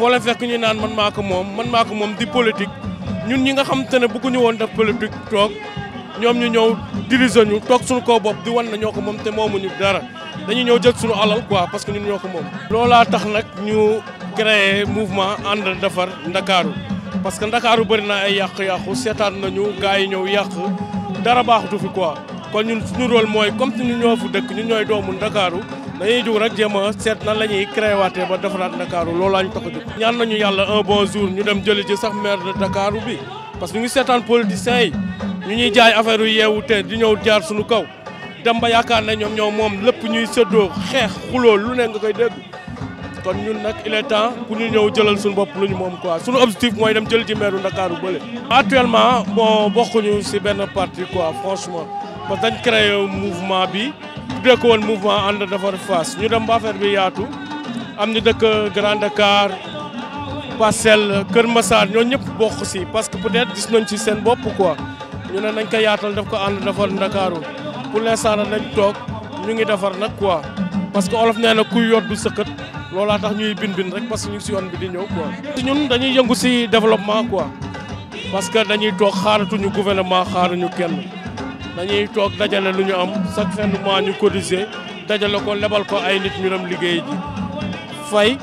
foo fekk ñu naan man maa ko moom man maa ko moom di politique ñun ñi nga xam te ne bëgguñu woon def politique toog ñoom ñu ñëw diriger ñu toog suñu kaw bopp di wan na ñoo ko moom te moomuñu dara dañu ñëw jël suñu alal quoi parce que ñu ñoo ko moom. loolaa tax nag ñu créer mouvement ànd defar ndakaaru parce que ndakaaru bëri na ay yàq-yàqu seetaan nañu gars yi ñëw yàq dara baaxutu fi quoi kon ñun suñu rôle mooy comme ñun ñoo fu dëkk ñu ñooy doomu ndakaaru. dañuy jóg rek jéem a seet nan la ñuy créé waatee ba defaraat Ndakaaru loolu laa ñu a ñaan nañu yàlla un bon jour ñu dem jëli ci sax maire de Dakar bi parce que ñu ngi seetaan politiciens yi ñu ñuy jaay affaire yu yeewu te di jaar suñu kaw dem ba yaakaar ne ñoom ñoom moom lépp ñuy séddoo xeex xuloo lu ne nga koy dégg. kon ñun nag il est temps pour ñu ñëw jëlal suñu bopp lu ñu moom quoi suñu objectif mooy dem jël ci meeru Ndakaaru bële. actuellement bon bokkuñu si benn parti quoi franchement. parce que dañ créé mouvement bi tuddee ko woon mouvement ànd defar Fass ñu dem ba affaire bi yaatu am ñu dëkk Grand Dakar Parcelles Kër Massar ñoo ñëpp bokk si parce que peut-être gis nañ ci seen bopp quoi ñu ne nañ ko yaatal daf ko ànd defar Ndakaaru pour l'instant nañ toog ñu ngi defar nag quoi parce que olof nee na kuy yor du sëkkat loolaa tax ñuy bin bin rek parce ñu ngi si yoon bi di ñëw quoi. si ñun dañuy yëngu si développement quoi parce que dañuy toog xaaratuñu gouvernement xaaratuñu kenn. nañu dañuy toog dajale lu ñu am chaque fin du ñu cotiser dajale ko lebal ko ay nit ñu ram liggéey ji fay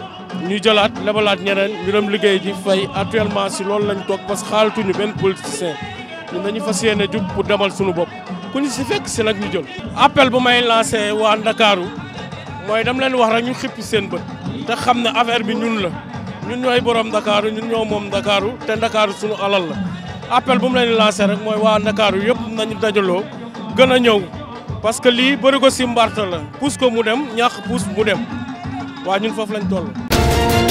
ñu jëlaat lebalaat ñeneen ñu dem liggéey ji fay actuellement si loolu lañ toog parce que xaalatuñu benn politicien ñun dañu fas yéene jub pour demal suñu bopp ku si fekk si nag ñu jël. appel bu may lancé waa Ndakaaru mooy dam leen wax rek ñu xippi seen bët te xam ne affaire bi ñun la ñun ñooy borom Ndakaaru ñun ñoo moom Ndakaaru te Ndakaaru suñu alal la. appel bu mu leen lancé rek mooy waa Ndakaaru yëpp nañu dajaloo gën a ñëw parce que lii bëri ko si mbarta la pousse ko mu dem ñàkk pousse mu dem waa ñun foofu lañ toll.